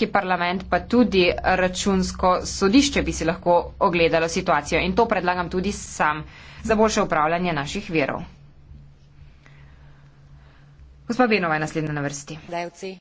Evropski parlament, pa tudi računsko sodišče bi si lahko ogledalo situacijo in to predlagam tudi sam za boljše upravljanje naših verov. Gospa Benova je naslednja na vrsti.